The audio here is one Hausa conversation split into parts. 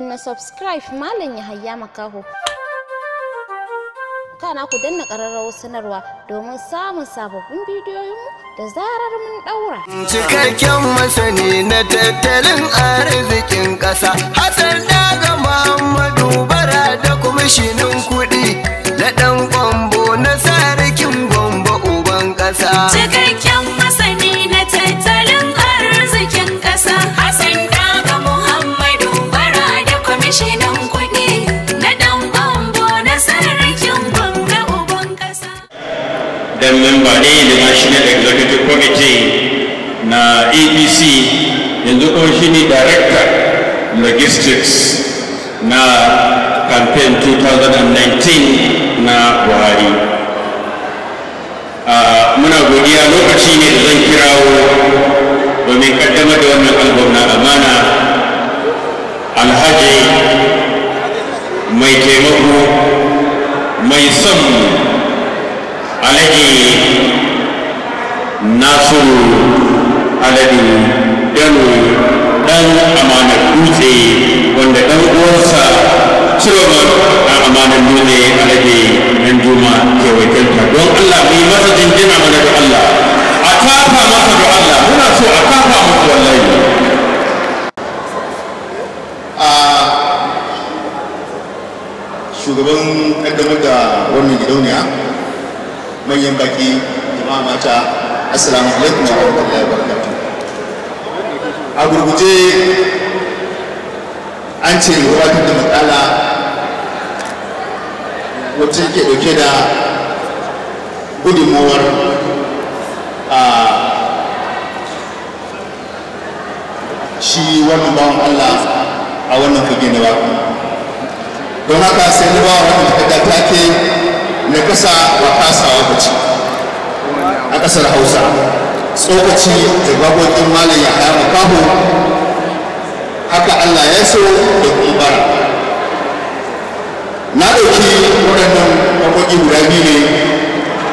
na subscribe Malam Yahaya Makaho. Kana ku danna ƙararrawar sanarwa domin samun sababbin bidiyoyinmu da zarar mun ɗaura. Cikakken masani na tattalin arzikin ƙasa, Hassan ga Muhammadu Bara da kuma shinin kuɗi. ne da ma shi ne executive committee na apc yanzu kuma shi ne director logistics na campaign 2019 na buhari ah, muna godiya lokaci ne da zan kirawo domin kaddamar da wannan album na alade dan dan amanar dutse wanda dan uwansa Suleiman dan amanar dutse alade dan juma ke wakilta don Allah mu masa jinjina mana da Allah a kafa masa da Allah muna so a kafa masa wallahi shugaban kaddamar da wannan gidauniya manyan baki jama'a mata assalamu alaikum wa rahmatullahi wa barakatuh a gurguje an ce gabatar da matsala wacce ke dauke da gudunmowar a shi wannan bawan Allah a wannan fage na baku. don haka sai na bawa wannan takarda ke na kasa wa kasawa bace a ƙasar hausa tsokaci da babokin malam ya haya makaho haka allah ya so da kumbara na ɗauki waɗannan babokin guda biyu ne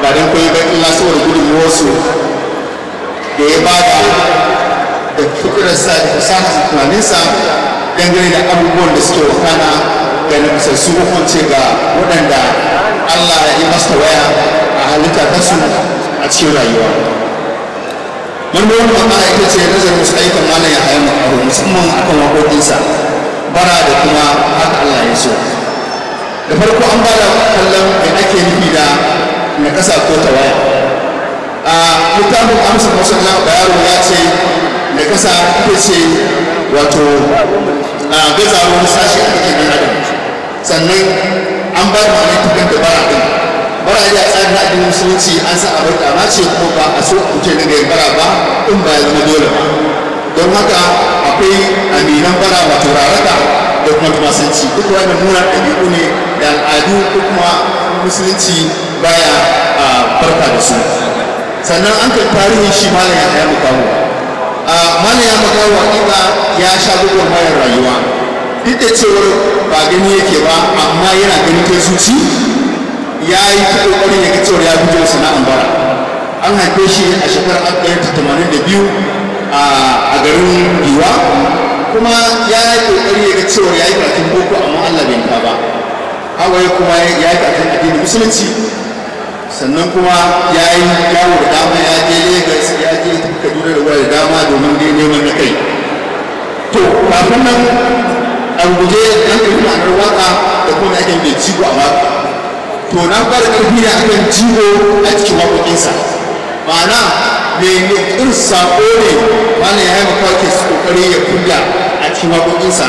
ba don kwaye ba illa gudunmuwarsu da ya ba da fikirarsa da fasahar tunaninsa dangane da abubuwan da suke wakana da na misassu hukunce ga waɗanda allah ya yi masa waya a halitta ta su a cikin rayuwa manufar ma'ana ita ce nazarin su ayyukan mana ya haya makaru musamman akan waƙoƙinsa bara da kuma haka Allah ya so da farko an bada kallon mai ake nufi da na ƙasa ko tawaya a littafin amsa musulman bayaro ya ce na ƙasa ita ce wato a gazawar sashi a cikin adam sannan an ba da ma'ana cikin dabara ɗin bara ya tsarin addinin musulunci an sa abin dama ce kuma ba a so a daga yin bara ba in ba ya zama dole ba don haka akwai aminan bara wato raraka da kuma tumasanci duk wani muna ɗabi'u ne da al'adu ko kuma musulunci baya a barka da su sannan an kai tarihin shi malam ya haya mukawo malam ya mukawo hakika ya sha gudun mayar rayuwa duk da cewar ba gani yake ba amma yana ganin kai zuci ya yi ta ƙoƙarin ya kicewar ya fito sana'an bara an haife shi a shekarar alif ɗaya tamanin da biyu a garin giwa kuma ya yi ƙoƙari ya kicewar ya yi karatun boko amma allah bai ta ba hawaye kuma ya yi karatun addinin musulunci sannan kuma ya yi yawo da dama ya je lagos ya je kaduna da da dama domin dai neman na kai to kafin nan a guje an ɗauki ma'anar waƙa da kuma ake mai ciko a waƙa to na fara ƙarfi ne akan jigo a cikin waƙoƙinsa ma'ana mene irin saƙo ne malam ya haifa kwake su ƙoƙari ya kulla a cikin waƙoƙinsa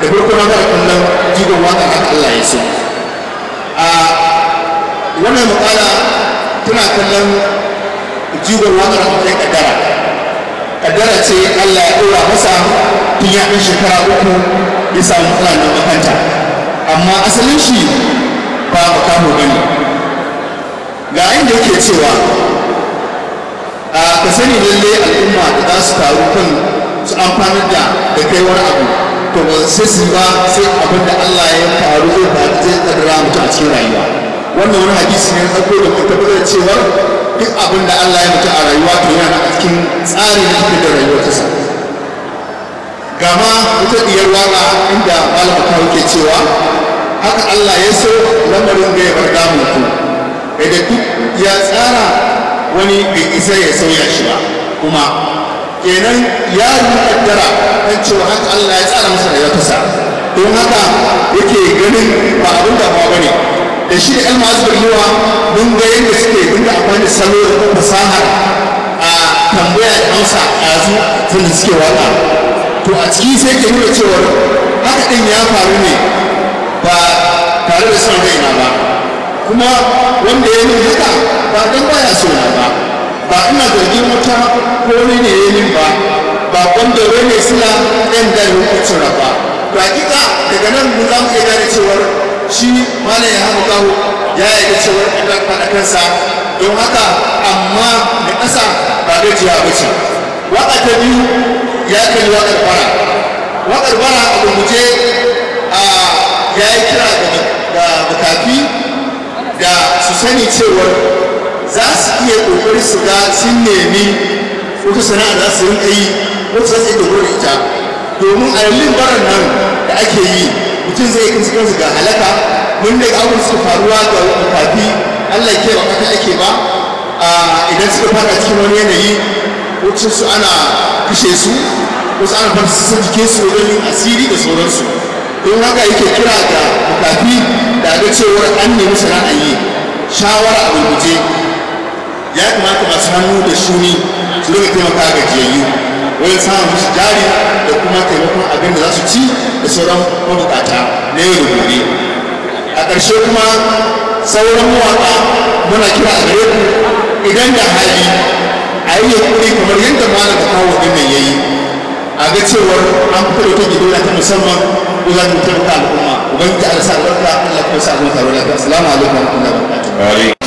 da farko na fara kallon jigon waƙa haka Allah ya so a wannan maƙala tana kallon jigon waƙar hakan ƙaddara ƙaddara ce Allah ya ɗora masa tun ya ɗan shekara uku ya samu matsala na makanta amma asalin shi ba makamu ba ne ga inda yake cewa a ka sani lalle al'umma da za su taru kan su amfani da da kai wani abu to ba sai su ba sai abin da Allah ya faru zai faru zai tsadara mutu a cikin rayuwa wannan wani hadisi ne tsako da mun tabbatar cewa duk abin da Allah ya mutu a rayuwa to yana a cikin tsarin abin da rayuwar ta sa gama wata diyar waka inda malama ke cewa haka Allah ya so lamarin da ya barga mutu da duk ya tsara wani bai isa ya sauya shi ba kuma kenan ya yi kaddara kan cewa haka Allah ya tsara masa ya kasa don haka yake ganin ba abin da ba bane da shi da ilmu yiwa mun ga yadda suke dinga amfani da salo da fasahar a tambaya da amsa a yanzu tun da suke wata. to a ciki sai ke nuna cewa haka din ya faru ne ba tare da son raina ba kuma wanda ya min haka ba dan baya so na ba ba ina zargin wata ko wani ne yi min ba ba wanda wani suna ɗan da lokacin rafa to hakika daga nan mu za mu iya gane cewar shi malam ya haka kawo ya yarda cewar ɗan faɗakansa don haka amma da ƙasa ba gajiya ba ce waƙa ta biyu ya kalli waƙar bara. waƙar bara a rubuce a ya yi kira ga makafi da su sani cewar za su iya kokari su ga sun nemi wata sana'a za su rinka yi wata za su iya ita domin a yallin baron nan da ake yi mutum zai yi su ga halaka mun da abin su faruwa ga makafi allah ke ba kaka ake ba idan suka fara cikin wani yanayi wacce su ana kashe su wasu ana fara su jike su wajen asiri da sauransu in haka yake kira ga bukafi da ga cewar an nemi sana'a yi shawara a rubuce ya kamata masu hannu da shuni su rika taimaka ga jiyayyu wajen samun musu jari da kuma taimakon abin da za su ci da sauran mabukata na yau da gobe a ƙarshe kuma sauran mawaƙa muna kira a gare ku idan da hali a yi kuɗi kamar yadda malam ta kawo ɗin nan yayi ga cewar an fito da dola ta musamman wajen mutum ta al'umma ubangiji Allah albarka Allah kuma sa albarka wa alaikum wa rahmatullahi wa barakatuh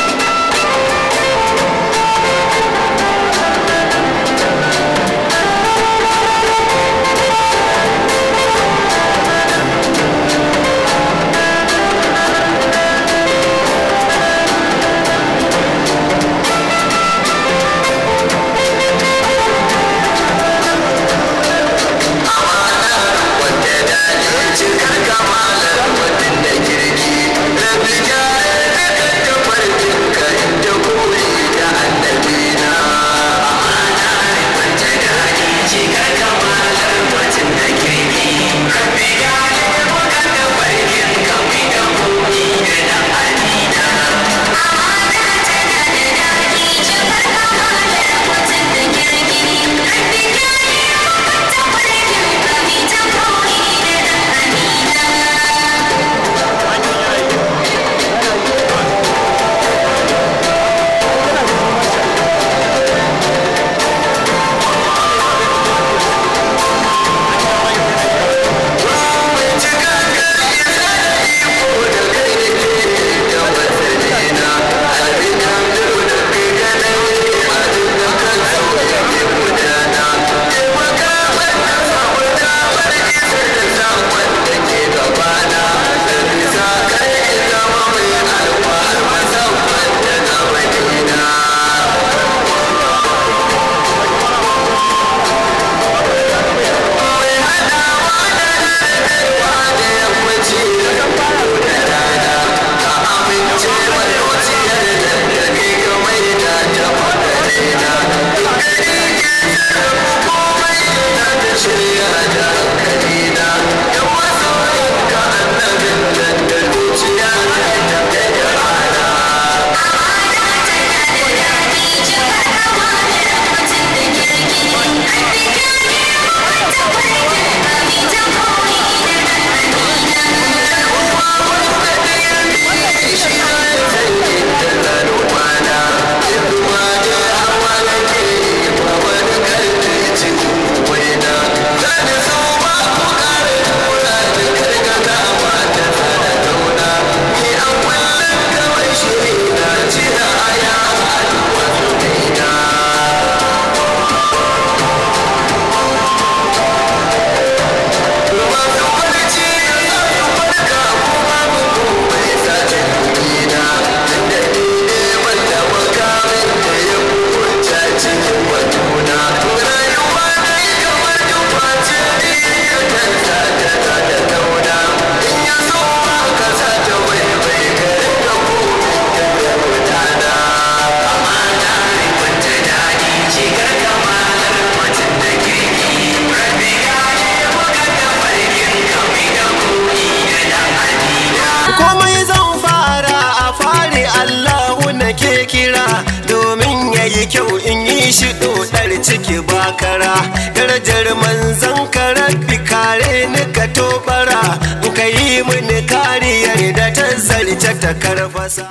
ake kira domin ya yi kyau in yi shi ɗoɗar ciki bakara darajar manzan karabbi kare ni ka tobara ka yi mini kariyar da ta zarce ta karfasa